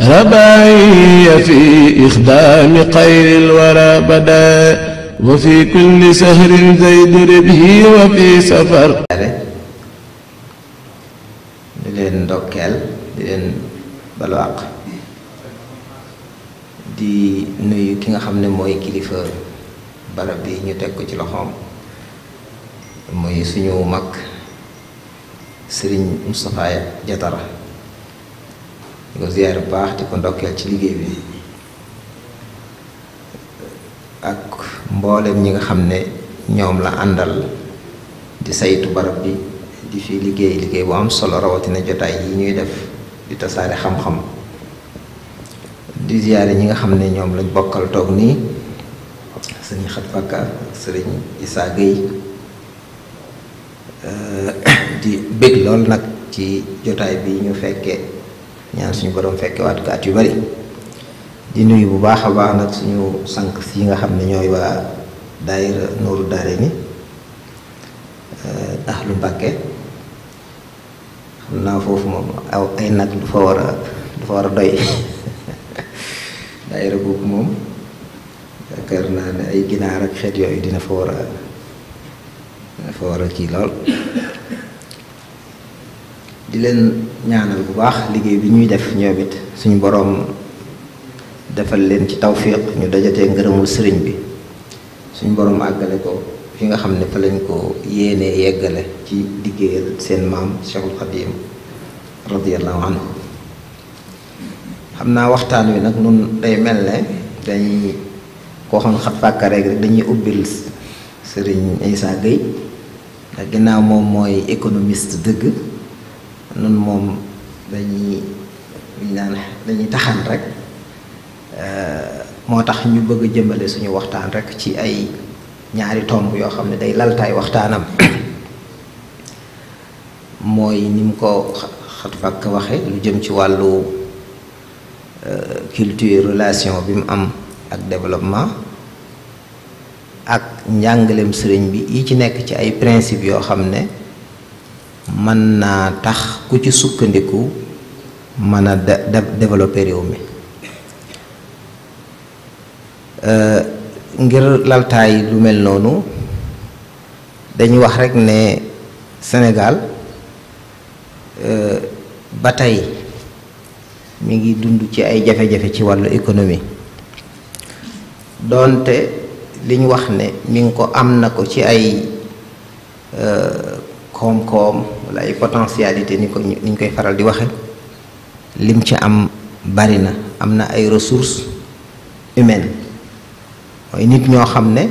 رباعي في إخدام خير الورى بدا وفي كل سهر زيد ربه وفي سفر di leen ndokkeel di leen balu di nuyu ki nga xam ne mooy kilifa barab bi ñu teg ko ci loxoom muy suñu mag Serigne Moustapha Diatara di bu baax di ko ndokkeel ci liggéey bi ak mbooleem ñi nga xam ne ñoom la àndal di saytu barab bi di fi liggéey liggéey bu am solo rawatina jotaay yi ñuy def di tasaare xam-xam di ziyaare ñi nga xam ne ñoom lañ bokkal nii sëriñ xat fakka sëriñ Isaa euh, di bég lool nag ci jotaay bi ñu fekke ñaan suñu borom fekkewaat ko at yu bari di nuyu bu baax a baax nag suñu sànq si nga xam ne ñooy waa daayira nooru daare ni eh, ahlu mbàkke xam naa foofu moom aw ay nag du fa war a du fa war a doy daayira boobu moom yaakaar naa ne ay ginaar ak xeet yooyu dina fa war a dina fa war a kii lool di leen ñaanal bu baax liggéey bi ñuy def ñoom it suñu boroom defal leen ci tawfiq ñu dajatee ngërëmul sëriñ bi suñu boroom àggale ko fi nga xam ne fa lañ ko yéenee yeggale ci liggéeyal seen maam Cheikhul Khadim radiyallahu anhu xam naa waxtaan wi nag nun day mel ne dañ koo xam xat dañuy ubbil sëriñ Issa Gueye ndax ginnaaw moom mooy économiste dëgg nun moom dañuy ñu naan dañuy taxaan rek euh, moo tax ñu bëgg a suñu waxtaan rek ci ay ñaari tomb yoo xam ne day laltaay waxtaanam mooy ni mu ko xat fàkk waxe lu jëm ci wàllu euh, culture relation bi mu am ak développement ak njàngaleem sëriñ bi yi ci nekk ci ay principe yoo xam ne mën naa tax ku ci sukkandiku mën a développer réew mi ngir laltaay lu mel noonu dañu wax rekk ne Sénégal euh, ba tey mi ngi dund ci ay jafe-jafe ci wàllu économie doonte liñ wax ne mi ngi ko am na ko ci ay euh, koom-koom wala ay potentialité ni ko ni ñu koy faral di waxe lim ci am bari na am na ay ressources humaines mooy nit ñoo xam ne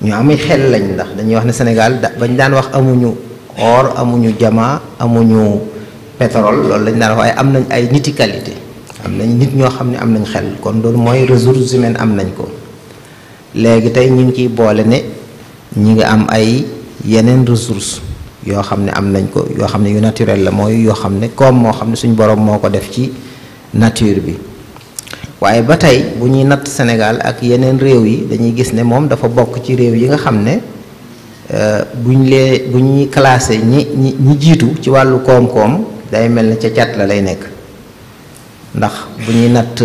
ñu amay xel lañ ndax dañuy wax ne Sénégal da bañ daan wax amuñu or amuñu jamaa amuñu pétrole loolu lañ daan wax waaye am nañ ay niti qualité am nañ nit ñoo xam ne am nañ xel kon loolu mooy ressources humaines am nañ ko léegi tey ñu ngi ciy boole ne ñu ngi am ay yeneen ressources yoo xam ne am nañ ko yoo xam ne yu naturel la mooy yoo xam ne comme moo xam ne suñ borom moo ko def ci nature bi waaye ba tey bu ñuy natt Sénégal ak yeneen réew yi dañuy gis ne moom dafa bokk ci réew yi nga xam ne euh, buñ lee bu ñuy classé ñi ñi ñi jiitu ci wàllu koom-koom day mel ne ca cat la lay nekk ndax bu ñuy natt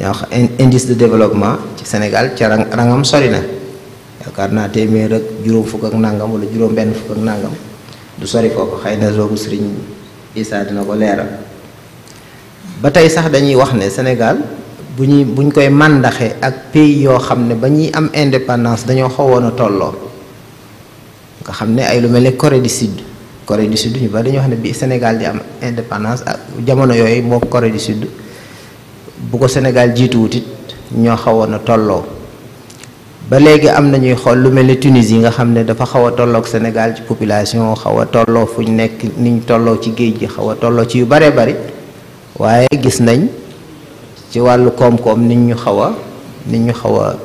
yoo xam indice de développement ci Sénégal ca rangam sori na yaakaar naa téeméer rek juróom fukk ak nangam wala juróom benn fukk ak nangam du sori ko xëy na soobu sëriñ Issa dina ko leeral ba tey sax dañuy wax ne Sénégal bu ñuy bu ñu koy màndaxe ak pays yoo xam ne ba ñuy am indépendance dañoo xawoon a tolloo nga xam ne ay lu mel ne Corée du Sud Corée du Sud ñu bari dañoo xam ne bi Sénégal di am indépendance ak jamono yooyu moo Corée du Sud bu ko Sénégal jiituwut it ñoo xawoon a tolloo ba léegi am nañuy xol lu melni Tunisie nga xamné dafa xawa tollo ak Sénégal ci population xawa tollo tolloo fu ñu niñ tollo ci géej gi xaw a ci yu bare bari waye gis nañ ci walu kom kom niñ ñu xawa niñ ñu xawa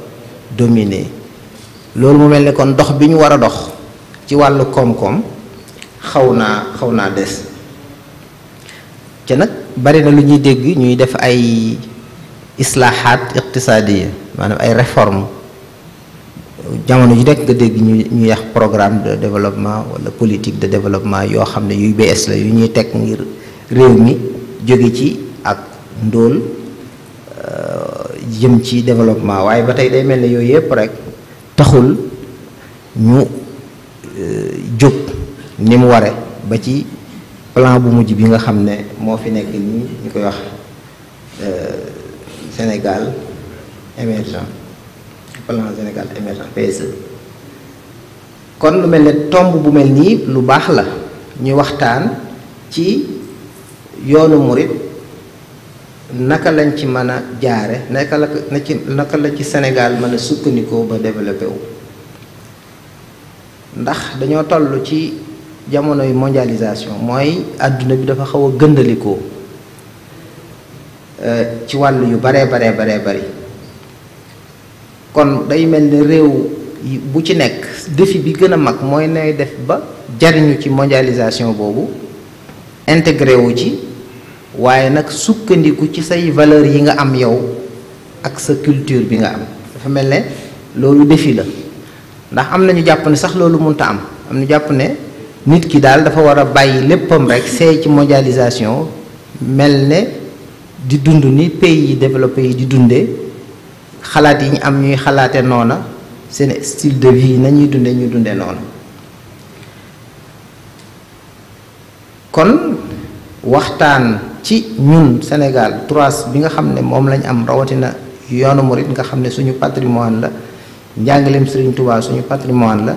dominer lool mu melni kon dox biñu wara dox ci walu kom kom xawna xawna dess naa des te nag bari na lu ñuy dégg ñuy def ay islahat iqtisadiyya manam ay réforme jamono ji nekk nga dégg ñu ñu yax programme de développement wala politique de développement yoo xam ne yuy bees la yu ñuy teg ngir réew mi jóge ci ak ndóol euh, jëm ci développement waaye ba tey day mel ne yooyu yëpp rek taxul ñu euh, jóg ni mu ware ba ci plan bu mujj bi nga xam ne moo fi nekk nii ñu koy wax euh, Sénégal émergent plan Sénégal émergent PSE kon lu mel ni tomb bu mel nii lu baax la ñu waxtaan ci yoonu murit naka lañ ci mën a jaare naka la na ci naka la ci Sénégal mën a sukkandikoo ba développé wu ndax dañoo toll ci jamonoy mondialisation mooy àdduna bi dafa xaw a gëndalikoo euh, ci wàll yu baree baree baree bari kon day mel ni réew bu ci nekk défi bi gën a mag mooy nay def ba jariñu ci mondialisation boobu intégré wu ci waaye nag sukkandiku ci say valeur yi nga am yow ak sa culture bi nga am dafa mel ne loolu défi la ndax am nañu jàpp ne sax loolu mënta am am ñu jàpp ne nit ki daal dafa war a bàyyi léppam rek seey ci mondialisation mel ne di dund ni pays yi développé yi di dundee xalaat yi ñu am ñuy xalaate noona seen style de vie nañuy dunde ñuy dunde noona kon waxtaan ci ñun Sénégal trois bi nga xam ne moom lañ am rawatina yoonu murit nga xam ne suñu patrimoine la njàngaleem Serigne Touba suñu patrimoine la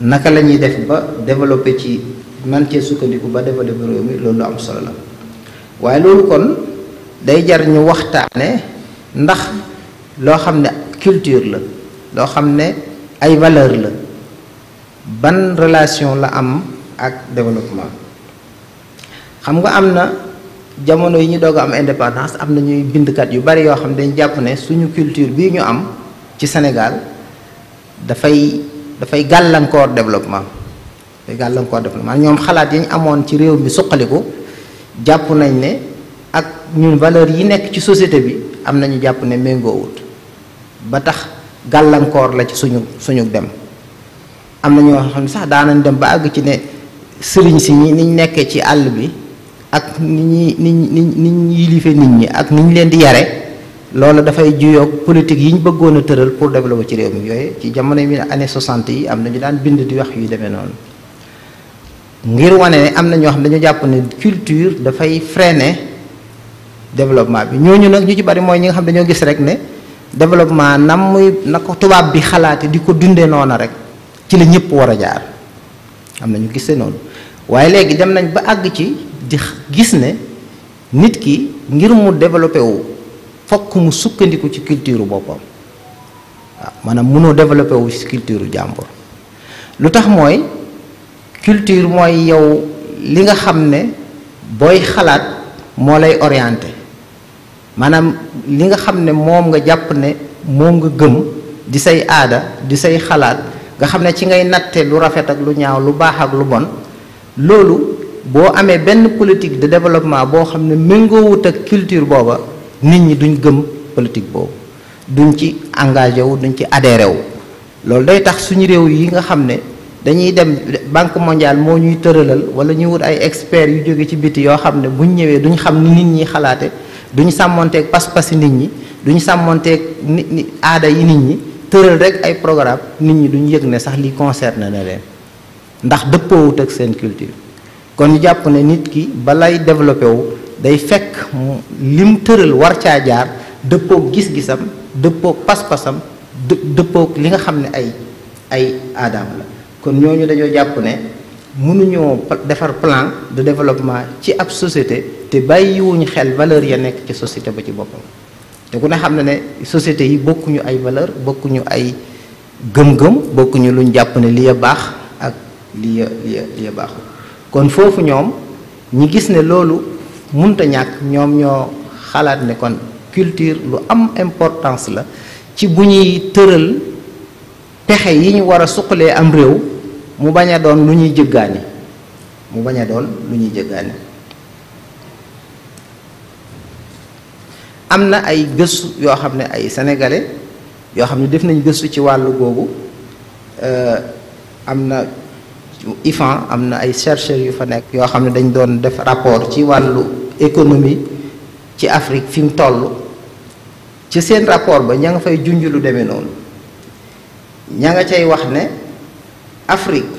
naka la ñuy def ba développé ci man cee sukkandiku ba développé réew mi loolu am solo waaye loolu kon day jar ñu waxtaane ndax loo xam ne culture la loo xam ne ay valeur la ban relation la am ak développement xam nga am na jamono yi ñu doog a am indépendance am na ñuy bindkat yu bari yoo xam dañ dañu jàpp ne suñu culture bii ñu am ci Sénégal dafay dafay gàllankoor développement dafay gàllankoor développement ñoom xalaat yi ñu amoon ci réew mi suqaliku jàpp nañ ne ak ñun valeur yi nekk ci société bi am nañu jàpp ne méngoowut ba tax gàllankoor la ci suñu suñu dem am na ñoo xam ne sax daanañ dem ba àgg ci ne sëriñ si ñi niñ nekkee ci àll bi ak ni ñuy ni ni ñu yilife nit ñi ak ni ñu leen di yare loolu dafay juyoog politique yi ñu bëggoon a tëral pour développer ci réew mi yooyu ci jamono yi année 60 yi am na ñu daan bind di wax yu demee noonu ngir wane ne am na ñoo xam ne dañu jàpp ne culture dafay freiner développement bi ñooñu nag ñu ci bari mooy ñi nga xam dañoo gis rek ne. développement nam muy na ko tubaab bi xalaate di ko dundee noona rek ci la ñëpp war a jaar am na ñu gisee noonu waaye léegi dem nañ ba àgg ci di gis ne nit ki ngir mu développé wu fokk mu sukkandiku ci culture boppam waaw ah, maanaam mënoo développé wu ci culture jàmbur lu tax mooy culture mooy yow li nga xam ne booy xalaat moo lay orienté maanaam li nga xam ne moom nga jàpp ne moom nga gëm di say aada di say xalaat nga xam ne ci ngay natte lu rafet ak lu ñaaw lu baax ak lu bon loolu boo amee benn politique de développement boo xam ne méngoowut ak culture booba nit ñi duñ gëm politique boobu duñ ci engagé wu duñ ci adhéré wu loolu day tax suñu réew yi nga xam ne dañuy dem banque mondiale moo ñuy tëralal wala ñuy wut ay experts yu jóge ci biti yoo xam ne buñ ñëwee duñ xam ni nit ñi xalaate duñu sàmmonteeg pas-pasi nit ñi duñu sàmmonteeg nit ñi aada yi nit ñi tëral rek ay programme nit ñi duñu yëg ne sax li concerne na ne leen ndax dëppoowut ak seen culture kon jàpp ne nit ki balay développé wu day fekk mu lim tëral war caa jaar dëppoog gis-gisam dëppoog pas-pasam dëppook li nga xam ne ay ay aadaam la kon ñooñu dañoo jàpp ne mënuñoo defar plan du développement ci ab société te bàyyiwuñ xel valeur ya nekk ci société ba ci boppam te ku ne xam na ne société yi bokkuñu ay valeur bokkuñu ay gëm-gëm bokkuñu luñ jàpp ne li ya baax ak li ya li ya baaxul kon foofu ñoom ñi gis ne loolu munta ñàkk ñoom ñoo xalaat ne kon culture lu am importance la ci bu ñuy tëral pexe yi ñu war a suqalee am réew mu bañ a doon lu ñuy jëggaani mu bañ a doon lu ñuy jëggaani am na ay gëstu yoo xam ne ay sénégalais yoo xam ne def nañ gëstu ci wàllu googu euh, am na IFAN am na ay chercheurs yu fa nekk yoo xam ne dañ doon def rapport ci wàllu économie ci Afrique fi mu toll ci seen rapport ba ña nga fay junj lu demee noonu ña nga cay wax ne Afrique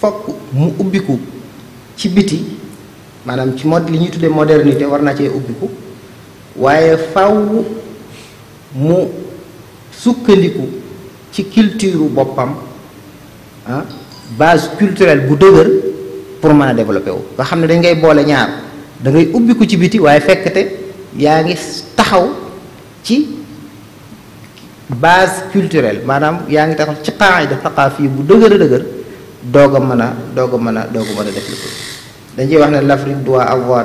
fokk mu ubbiku ci biti maanaam ci mod li ñuy tuddee modernité war naa cee ubbiku waaye faw mu sukkandiku ci culture boppam ah base culturelle bu dëgër pour mën a développé wu nga xam ne dañ ngay boole ñaar da ngay ubbiku ci biti waaye fekkte yaa ngi taxaw ci base culturelle maanaam yaa ngi taxaw ci qaida thaqafi bu dëgër dëgër doog a mën a doog a mën a doog a mën wax ne l'Afrique doit avoir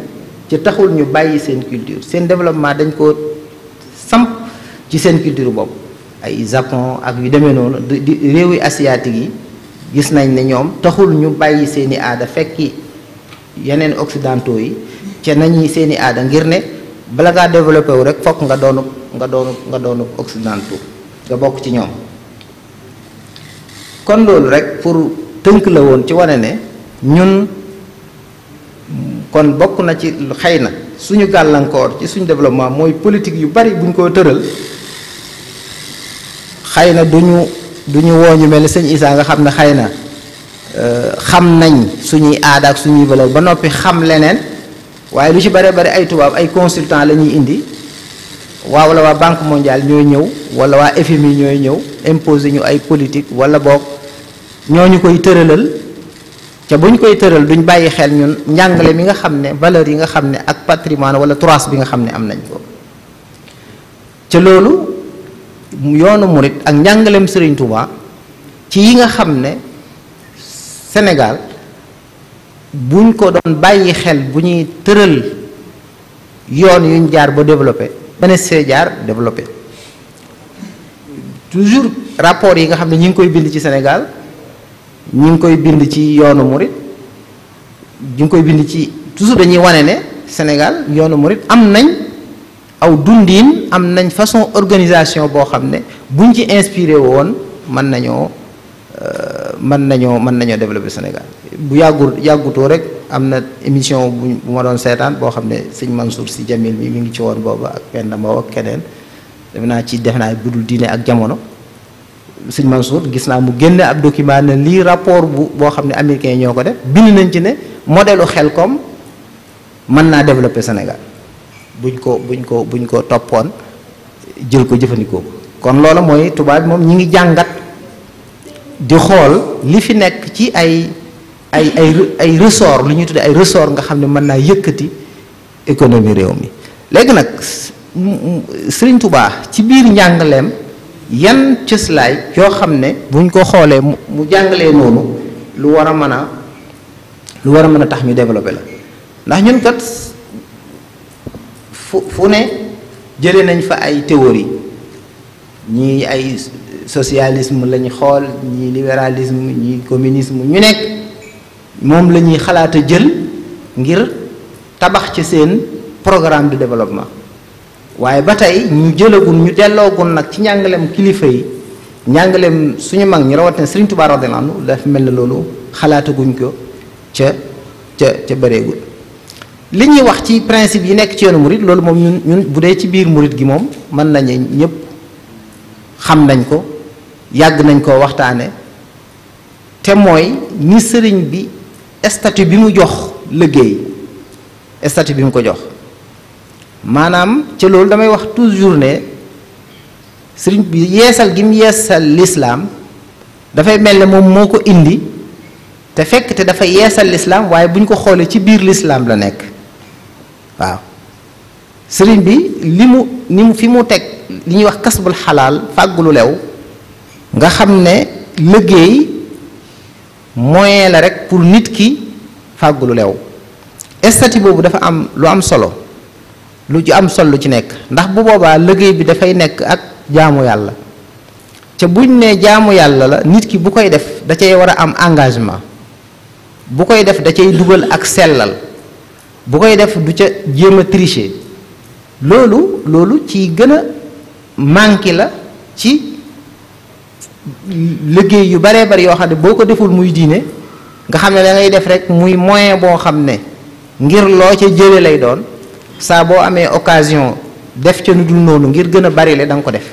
ci taxul ñu bàyyi seen culture seen développement dañ ko samp ci seen culture bopp ay japon ak yu deme noonu di réewi asiatique yi gis nañ ne ñoom taxul ñu bàyyi seeni aada fekk yeneen occidentaux yi ca nañuy seeni aada ngir ne bala ngaa développé wu rek fokk nga doonu nga doonu nga doonu occidentaux nga bokk ci ñoom kon loolu rek pour tënk la woon ci wane ne ñun kon bokk na ci xëy na suñu gàllankoor ci suñu développement mooy politique yu bari buñ ko tëral xëy na ñu duñu woo ñu mel ni sëñ Issa nga xam ne xëy na euh, xam nañ suñuy aada ak suñuy valeur ba noppi xam leneen waaye lu ci bare bari ay tubaab ay consultant la ñuy indi waaw wala waa banque mondiale ñooy ñëw wala waa FMI ñooy ñëw imposé ñu ay politique wala boog ñoo ñu koy tëralal ca bu ñu koy tëral duñ bàyyi xel ñun njàngale mi nga xam ne valeur yi nga xam ne ak patrimoine wala turaas bi nga xam ne am nañ ko ca loolu yoonu murit ak njàngaleem seriñ Touba ci yi nga xam ne Sénégal buñ ko doon bàyyi xel bu ñuy tëral yoon yuñ jaar ba développé mënees see jaar développé toujours rapport yi nga xam ne ñu ngi koy bind ci Sénégal. ñu ngi koy bind ci yoonu murit ñi ngi koy bind ci toujours dañuy wane ne Sénégal yoonu murit am nañ aw dundiin am nañ façon organisation boo xam ne buñ ci inspiré woon mën nañoo euh, mën nañoo mën nañoo développer Sénégal bu yàggul yàggutoo rek am na émission bu ma doon seetaan boo xam ne sëñ Mansour Sy Jamil bi mu ngi ci woon booba ak Penda Mbow ak keneen def naa ci def naa budul diine ak jamono sëñ Mansour gis naa mu génne ab document ne lii rapport bu boo xam ne américain ñoo ko def bind nañ ci ne xel koom mën naa développer Sénégal buñ ko buñ ko buñ ko toppoon jël ko jëfandikoo kon loola mooy tubaab moom ñi ngi jàngat di xool li fi nekk ci ay ay ay ay ressort lu ñuy tuddee ay ressort nga xam ne mën naa yëkkati économie réew mi léegi nag Sëriñ Tuubaa ci biir njàngaleem yan cëslaay yoo xam ne buñ ko xoolee mu jàngalee noonu lu war a mën a lu war a mën a tax ñu développé la ndax ñun kat fu fu ne jëlee nañ fa ay théorie ñii ay socialisme lañu xool ñii libéralisme ñii communisme ñu nekk moom lañuy ñuy xalaat a jël ngir tabax ci seen programme de développement waaye ba tey ñu jëlagun ñu delloogun nag ci njàngaleem kilifa yi njàngaleem suñu mag ñi rawatina Serigne Touba tubaar anhu dafa mel na loolu xalaataguñ ko ca ca ca bëreegul li ñuy wax ci principe yi nekk ci yoonu murit loolu moom ñun ñun bu dee ci biir murit gi moom mën nañu ñëpp xam nañ ko yàgg nañ koo waxtaane te mooy ni sëriñ bi statut bi mu jox liggéey statut bi mu ko jox maanaam ca loolu damay wax toujours ne sëriñ bi yeesal gi mu yeesal lislaam dafay mel ne moom moo ko indi te fekk te dafa yeesal lislaam waaye bu ñu ko xoolee ci biir lislaam la nekk waaw sëriñ bi li mu ni mu fi mu teg li ñuy wax kasbul xalaal fàggulu lew nga xam ne liggéey moyen la rek pour nit ki fàggulu lew estati boobu dafa am lu am solo lu ci am solo ci nekk ndax bu boobaa liggéey bi dafay nekk ak jaamu yàlla ca buñ ne jaamu yàlla la nit ki bu koy def da cay war a am engagement bu koy def da cay dugal ak sellal bu koy def du ca jéem a tricher loolu loolu ci gën a manqué la ci liggéey yu baree bari yoo xam ne boo ko deful muy diine nga xam ne da ngay def rek muy moyen boo xam ne ngir loo ca jële lay doon saa boo amee occasion def ca lu dul noonu ngir gën a bari le da nga ko def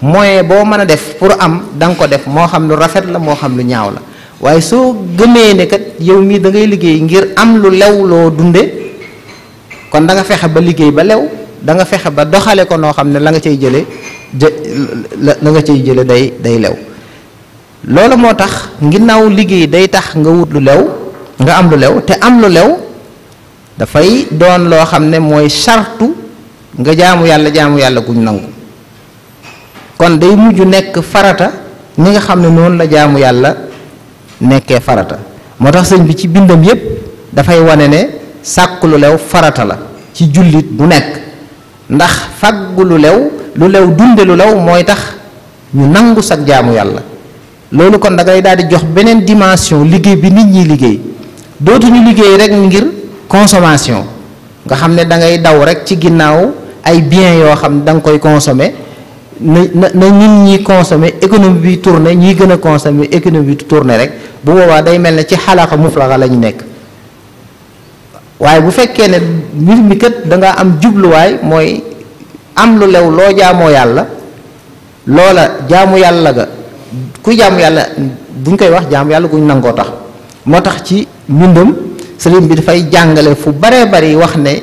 moyen boo mën a def pour am da ko def moo xam lu rafet la moo xam lu ñaaw la waaye soo gëmee ne kat yow mii da ngay liggéey ngir am lu lew loo dunde kon danga fexe ba liggéey ba lew da nga fexe ba doxale ko noo xam ne la nga cay jële jë nga cay jële day day lew loola moo tax ginnaaw liggéey day tax nga wut lu lew nga am lu lew te am lu lew dafay doon loo xam ne mooy sartu nga jaamu yàlla jaamu yàlla guñ nangu kon day mujj nekk farata ni nga xam ne noonu la jaamu yàlla nekkee farata moo tax sëñ bi ci bindam yépp dafay wane ne sàkk lu lew farata la ci jullit bu nekk ndax fàgg lu lew lu lew dunde lu lew mooy tax ñu nangu sag jaamu yàlla loolu kon da ngay daal di jox beneen dimension liggéey bi nit ñi liggéey dootuñu liggéey rek ngir consommation nga xam ne da ngay daw rek ci ginnaaw ay biens yoo xam ne da nga koy consommer na na nit ñi consommer économie bi tourné ñiy gën a consommer économie bi tourné rek bu boobaa day mel ne ci xalaqa muflaxa la ñu nekk waaye bu fekkee ne mbir mi kat da nga am jubluwaay mooy am lu lew loo jaamoo yàlla loola jaamu yàlla ga ku jaamu yàlla buñ koy wax jaamu yàlla guñ nangoo tax moo tax ci mbindam sëriñ bi dafay jàngale fu baree bari wax ne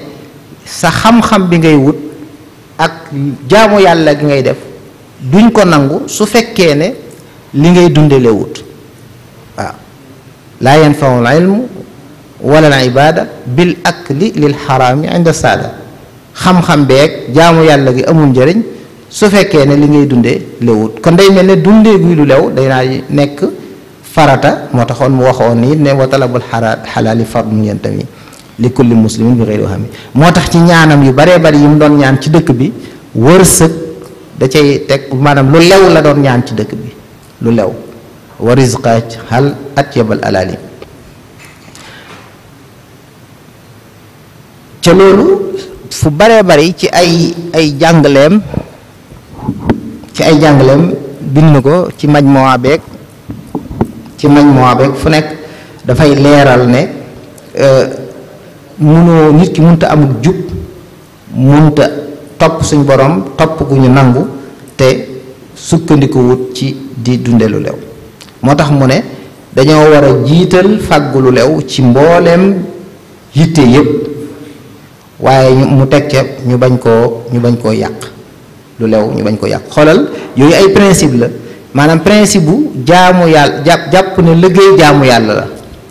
sa xam-xam bi ngay wut ak jaamu yàlla gi ngay def duñ ko nangu su fekkee ne li ngay dunde wut waaw laa yanfau al ilmu wala al ibada bil akli lil xaraami inda saada xam-xam beeg jaamu yàlla gi amul njëriñ su fekkee ne li ngay dunde lewut kon day mel ne dundee gi lu lew day nekk farata moo taxoon mu waxoon ni ne wa talabul xalaali fardun yantami li kulli muslimin bi xëyri waxami moo tax ci ñaanam yu baree bari yi mu doon ñaan ci dëkk bi wërsëg da maanaam lu lew la doon ñaan ci dëkk bi lu lew wa risqa hal at yabal alaali ca loolu fu baree bari ci ay ay jàngaleem ci ay jàngaleem bind ko ci maj moo beeg ci mañ moo beeg fu nekk dafay leeral ne euh, munoo nit ki munta amul jub munta topp suñ borom topp gu ñu nangu te sukkandiku ci di dunde lu lew moo tax mu ne dañoo war a jiital fàggu lu lew ci mbooleem yitte yépp waaye mu teg ca ñu bañ koo ñu bañ koo yàq lu lew ñu bañ koo yàq xoolal yooyu ay principe la maanaam principe bu jaamu yàlla jàpp jàpp ne liggéey jaamu yàlla la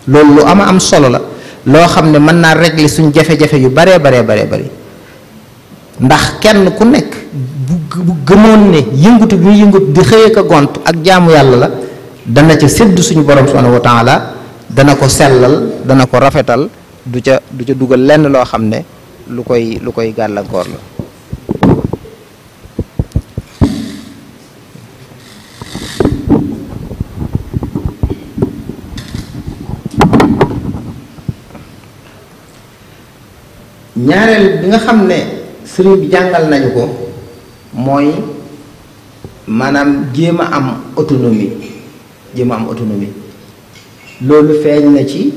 loolu lu ama am solo la loo xam ne mën naa régler suñ jafe-jafe yu baree baree baree bëri ndax kenn ku nekk bu gëmoon ne yëngutu bi yëngut di xëy ak gont ak jaamu yàlla la dana ca séddu suñu borom subhanahu wa taala dana ko sellal dana ko rafetal du ca du ca dugal lenn loo xam ne lu koy lu koy gàllankoor la ñaareel bi nga xam ne sëriñ bi jàngal nañu ko mooy maanaam jéem a am autonomie jéem am autonomie loolu feeñ na ci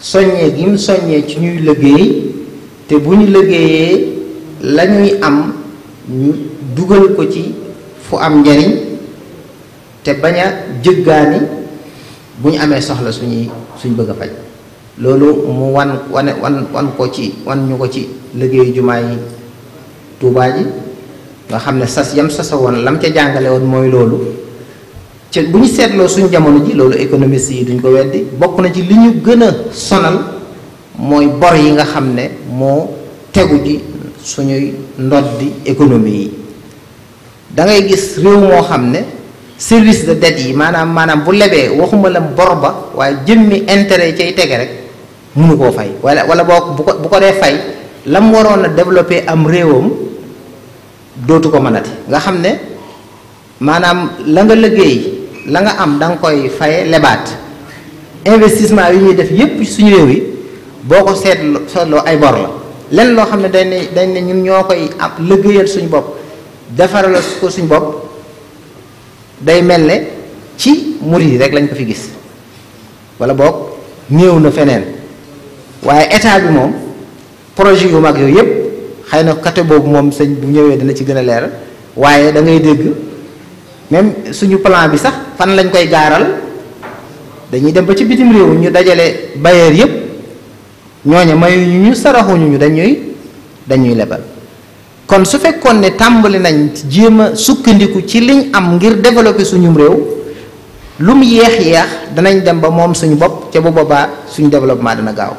soññee gi mu soññee ci ñuy liggéey te bu ñu liggéeyee la ñuy am dugal ko ci fu am njariñ te bañ a jëggaani bu ñu amee soxla suñuy suñ bëgg a faj loolu mu wan wane wan wan ko ci wan ñu ko ci liggéey jumaa yi tuubaa ji nga xam ne sas yam sasa woon lam ca jàngale woon mooy loolu ci bu ñu seetloo suñu jamono ji loolu économiste yi duñ ko weddi bokk na ci li ñu gën a sonal mooy bor yi nga xam ne moo tegu ji suñuy ndoddi économie yi da ngay gis réew moo xam ne service de dette yi maanaam maanaam bu lebee waxuma la bor ba waaye jëmmi intérêt cay tege rek mënu koo fay wala wala boo bu ko bu ko dee fay mu waroon a développer am réewam dootu ko mënati nga xam ne maanaam la nga liggéey la nga am da koy faye lebaat investissement yi ñuy def yépp suñu réew yi boo ko seet seetloo ay bor la lenn loo xam ne dañ ne ñun ñoo koy ab liggéeyal suñu bopp defaral ko suñu bopp day mel ne ci murid yi rek lañ ko fi gis wala boog néew na feneen waaye état bi moom projet yu mag yooyu yëpp xëy na côté boobu moom sëñ bu ñëwee dina ci gën a leeral waaye da ngay dégg même suñu plan bi sax fan lañ koy gaaral dañuy dem ba ci bitim réew ñu dajale bailleur yëpp ñooñu mayuñu ñu saraxuñu ñu dañuy dañuy lebal. kon su fekkoon ne tàmbali nañ jéem a sukkandiku ci liñ am ngir développer suñum réew lu mu yéex yéex danañ dem ba moom suñu bopp ca bu boobaa suñu développement dana gaaw.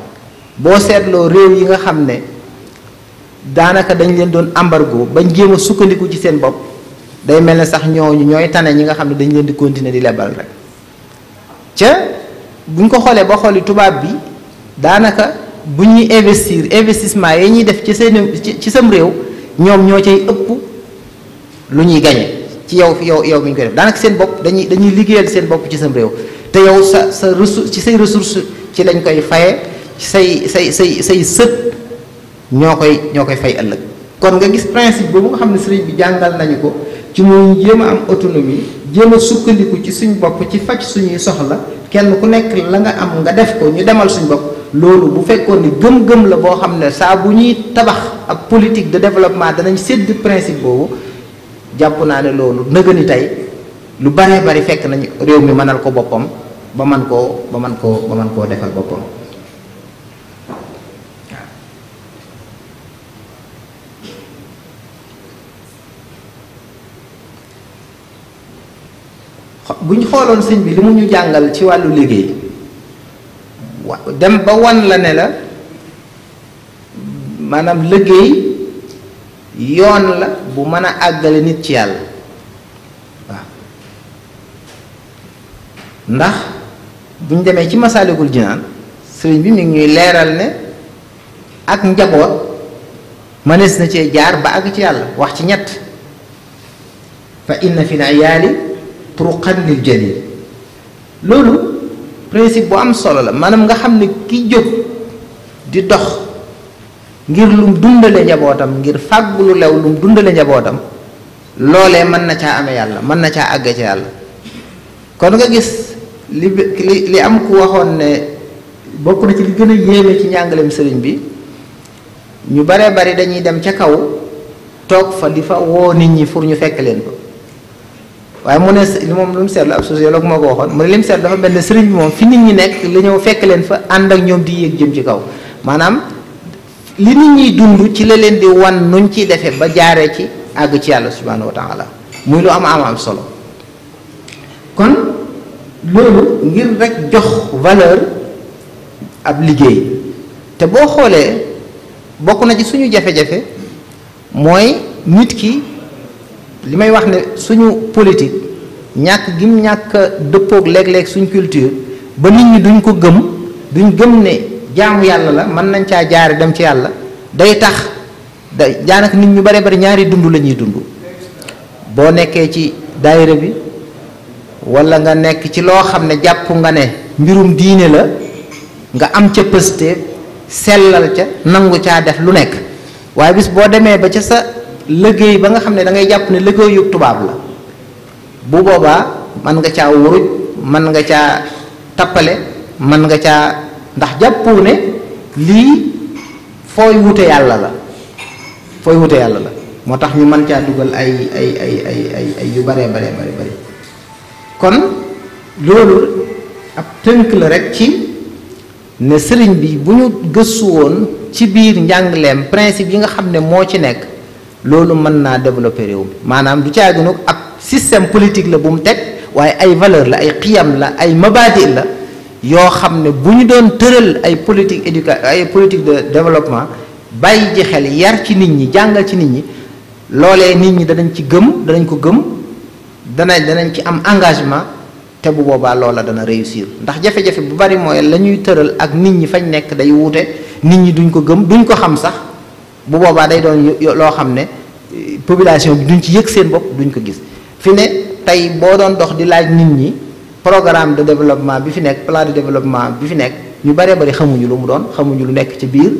boo seetloo réew yi nga xam ne daanaka dañ leen doon embargo bañ jéem a sukkandiku ci seen bopp day mel ne sax ñooñu ñooy tane ñi nga xam ne dañu leen di continuer di lebal rek ca buñ ko xoolee ba xooli tubaab bi daanaka bu ñuy investir investissement yi ñuy def ci seen ci sam réew ñoom ñoo cay ëpp lu ñuy gañe ci yow yow yow mi ñu koy def daanaka seen bopp dañuy dañuy liggéeyal seen bopp ci sam réew te yow sa sa ressource ci say ressource ci lañ koy faye say say say say sët ñoo koy ñoo koy fay ëllëg kon nga gis principe boobu nga xam ne sëriñ bi jàngal nañu ko ci muy jéem a am autonomie jéem a sukkandiku ci suñ bopp ci faj suñuy soxla kenn ku nekk la nga am nga def ko ñu demal suñ bopp loolu bu fekkoon ni gëm-gëm la boo xam ne saa bu ñuy tabax ak politique de développement danañ sédd principe boobu jàpp naa ne loolu nëgë ni tey lu baree bari fekk nañu réew mi mënal ko boppam ba man koo ba man ko ba man koo defal boppam bu ñu xooloon sëñ bi li mu ñu jàngal ci wàllu liggéey wa dem ba wan la ne la maanaam liggéey yoon la bu mën a àggale nit ci yàlla waaw ndax bu ñu demee ci masaalikul jinaan sëriñ bi mi ngi ñuy leeral ne ak njaboot mënees na cee jaar ba àgg ci yàlla wax ci ñett fa inna fi l iyaali pour turuqan lil jalil loolu principe bu am solo la maanaam nga xam ne ki jóg di dox ngir lum dundale njabootam ngir fàggu lu lew lum dundale njabootam loole mën na caa ame yàlla mën na caa àgg ci yàlla kon nga gis li li li am ku waxoon ne bokk na ci li gën a yéeme ci njàngaleem sëriñ bi ñu baree bari dañuy dem ca kaw toog fa di fa woo nit ñi pour ñu fekk leen ko waaye mu ne moom lu mu seetlu ab sociologue moo ko waxoon mu ne li mu seetlu dafa mel ne bi moom fi nit ñi nekk la ñëw fekk leen fa ànd ak ñoom di yéeg jëm ci kaw maanaam li nit ñiy dund ci la leen di wan nuñ ciy defee ba jaaree ci àgg ci yàlla subhanahu wa taala muy lu am am solo kon loolu ngir rek jox valeur ab liggéey te boo xoolee bokk na ci suñu jafe-jafe mooy nit ki li may wax ne suñu politique ñàkk gi mu ñàkk a dëppoog léeg-léeg suñ culture ba nit ñi duñ ko gëm duñ gëm ne jaamu yàlla la mën nañ caa jaare dem ci yàlla day tax da daanaka nit ñu bare bari ñaari dund la ñuy dund boo nekkee ci daayira bi wala nga nekk ci loo xam ne jàpp nga ne mbirum diine la nga am ca pëste sellal ca nangu caa def lu nekk waaye bis boo demee ba ca sa liggéey ba nga xam ne dangay jàpp ne liggéeyu tubaab la bu boobaa man nga caa wuruj mën nga caa tappale man nga caa ndax jàppu ne lii fooy wute yàlla la fooy wute yàlla la moo tax ñu mën caa dugal ay ay ay ay yu baree baree bari bari kon loolu ab tënk la rekk ci ne sëriñ bi bu ñu gëstu woon ci biir njàngleem principe yi nga xam ne moo ci nekk loolu mën naa développer réew maanaam du caagi nag ak système politique la bu mu teg waaye ay valeur la ay xiyam la ay mabadi la yoo xam ne bu ñu doon tëral ay politique éduca ay politique de développement bàyyi ji xel yar ci nit ñi jàngal ci nit ñi loolee nit ñi danañ ci gëm danañ ko gëm danañ danañ ci am engagement te bu boobaa loola dana réussir ndax jafe-jafe bu bari mooy la ñuy tëral ak nit ñi fañ nekk day wuute nit ñi duñ ko gëm duñ ko xam sax bu boobaa day doon loo xam ne population bi duñ ci yëg seen bopp duñ ko gis fi ne tey boo doon dox di laaj nit ñi programme de développement bi fi nekk plan développement bi fi nekk ñu bare bari xamuñu lu mu doon xamuñu lu nekk ci biir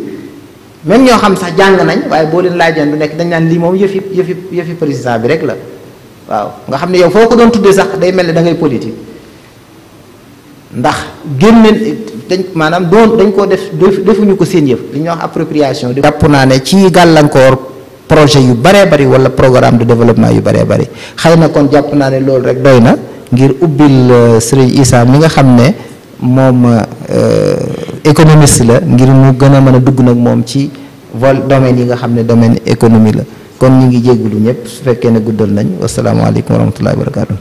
même ñoo xam sax jàng nañ waaye boo leen laajoon lu nekk dañ naan lii moom yëfi yëfi yëfi président bi rek la waaw nga xam ne yow foo ko doon tuddee sax day mel ne da ngay politique ndax génne dañ maanaam doon dañ koo def defuñu ko seen yëf li ñuy wax appropriation. jàpp naa ne ci gàllankoor projet yu baree bari wala programme de développement yu baree bari xëy na kon jàpp naa ne loolu rek doy na ngir ubbil euh, sëriñ Issa mi nga xam ne moom euh, économiste la ngir mu gën a mën a dugg nag moom ci vol domaine yi nga xam ne domaine économie la kon ñu ngi jéggulu ñëpp su fekkee ne guddal nañ wasalaamaaleykum wa rahmatullahi wa barakatu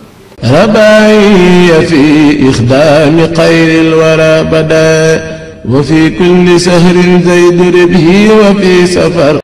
رباعية في إخدام قيل الورى بدا وفي كل سهر زيد ربه وفي سفر